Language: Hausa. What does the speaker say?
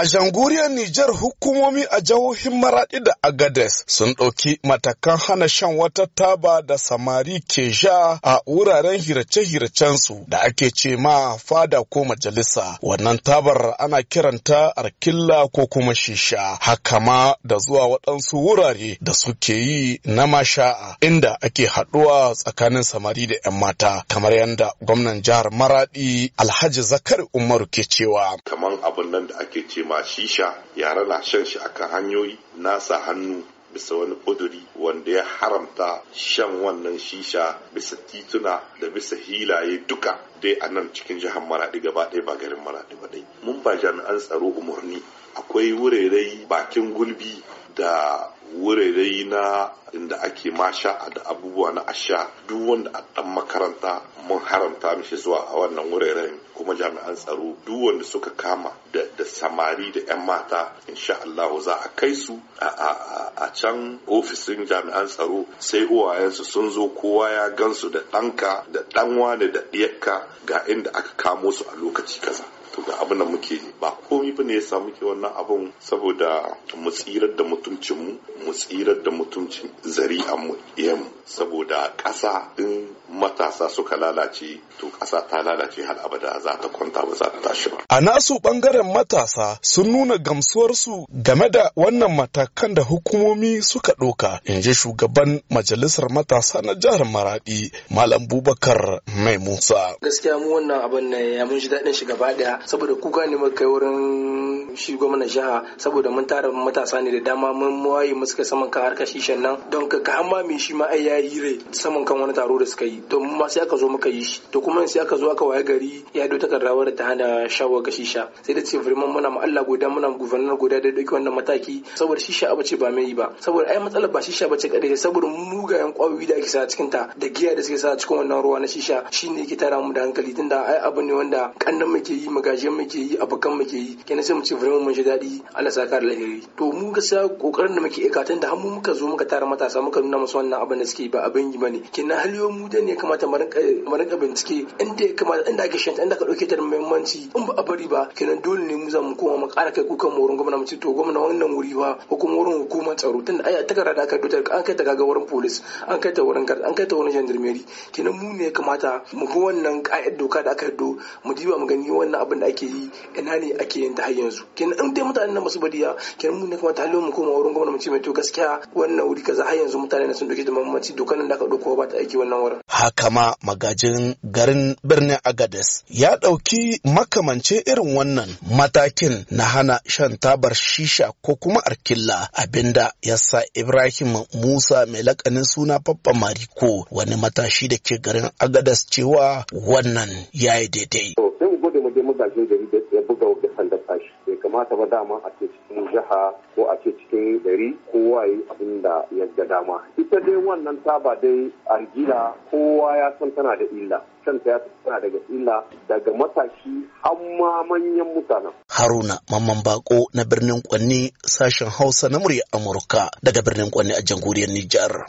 A janguriyar Nijar hukumomi a jihohin Maraɗi da Agades sun ɗauki matakan hana shan wata taba da samari ke sha a wuraren hirace-hiracensu da ake ce ma fada ko majalisa. Wannan tabar ana kiranta arkilla ko kuma shisha, haka ma da zuwa waɗansu wurare da suke yi na masha'a inda ake haɗuwa tsakanin samari da 'yan mata, kamar yadda gwamnan jihar Maradi Alhaji zakari Umaru ke cewa. Kamar abin nan da ake ce ma shisha yara na shan shi akan hanyoyi nasa hannu bisa wani ƙuduri wanda ya haramta shan wannan shisha bisa tituna da bisa hilaye duka dai a nan cikin jihar maraɗi gaba ɗaya ba garin Maradi ba dai mun ba jami'an tsaro umarni akwai wurare bakin gulbi da wurare na inda ake masha da abubuwa na asha duk wanda a dan makaranta mun haramta mishi zuwa a wannan wurerai kuma jami'an tsaro duk wanda suka kama da samari da 'yan mata insha Allah za a kai su a can ofisin jami'an tsaro sai uwayensu sun zo kowa ya gansu da ɗanka da ɗanwa da ɗiyakka ga inda aka kamo su a lokaci kaza to ga abin da muke ba ko Tinubu ne ya samu ke wannan abun saboda mu tsirar da mutuncinmu mu tsirar da mutuncin zari'anmu mu saboda ƙasa in matasa suka lalace to ƙasa ta lalace har abada za ta kwanta ba za ta tashi ba. A nasu ɓangaren matasa sun nuna gamsuwarsu game da wannan matakan da hukumomi suka ɗoka in ji shugaban majalisar matasa na jihar Maraɗi Malam Bubakar Mai Musa. Gaskiya mu wannan abin ne ya mun ji daɗin shi gaba ɗaya saboda kuka ne muka kai wurin shigo mana jiha saboda mun tara matasa ne da dama mun waye mu suka saman kan harkar shishan nan don ka ka hamba mai shi ma ai ya yi rai saman kan wani taro da suka yi to mun ma sai aka zo muka yi shi to kuma sai aka zo aka waye gari ya do takarda wadda ta hana shawo ga shisha sai da ce vraiment muna mu Allah goda muna gubernar goda da dauki wannan mataki saboda shisha abu ce ba mai yi ba saboda ai matsalar ba shisha bace kadai saboda mugayen kwayoyi da ake sa cikin ta da giya da suke sa cikin wannan ruwa na shisha shine yake tara mu da hankali tunda ai abu ne wanda kannan muke yi magajen muke yi abukan muke yi kenan sai mu ce vraiment mun ji daɗi Allah saka da lahiri to mu gaskiya kokarin da muke ikatan eh, da har mu muka zo muka tara matasa muka nuna musu wannan abin da suke ba abin yi bane kenan haliyo mu da ne kamata mu rinka bincike inda ya kamata inda ake shanta inda ka dauke ta da muhimmanci in ba a bari ba kenan dole ne mu za mu koma mu ƙara kai kukan mu wurin gwamnati mu ce to gwamnati wannan wuri ba ko kuma wurin hukumar tsaro tunda ai takarda da aka dotar an kai ta kaga wurin police an kai ta wurin gar an kai ta wurin gendarmerie kenan mu ne ya kamata mu bi wannan ƙa'idar doka da aka yaddo mu diba mu gani wannan abin da ake yi ina ne ake yin ta har yanzu kenan in dai mutanen nan basu badiya kenan mu ne kuma ta halin mu koma wurin gwamnati mu ce mai to gaskiya wannan wuri kaza har yanzu mutane na sun doke da mamaci dokan da aka dauko ba ta aiki wannan wurin haka ma magajin garin birnin Agades ya dauki makamance irin wannan matakin na hana shan tabar shisha ko kuma arkilla abinda yasa Ibrahim Musa mai lakanin suna Faffa Mariko wani matashi da ke garin agadas cewa wannan yayi daidai kamata ba dama a ce cikin jiha ko a ce cikin ɗari kowa yi abin da ya ga dama ita dai wannan ba dai argila kowa ya san tana da illa kanta ya tana daga illa daga matashi har ma manyan mutanen haruna mamman bako na birnin kwanni sashen hausa na murya amurka daga birnin kwanni a jamhuriyar nijar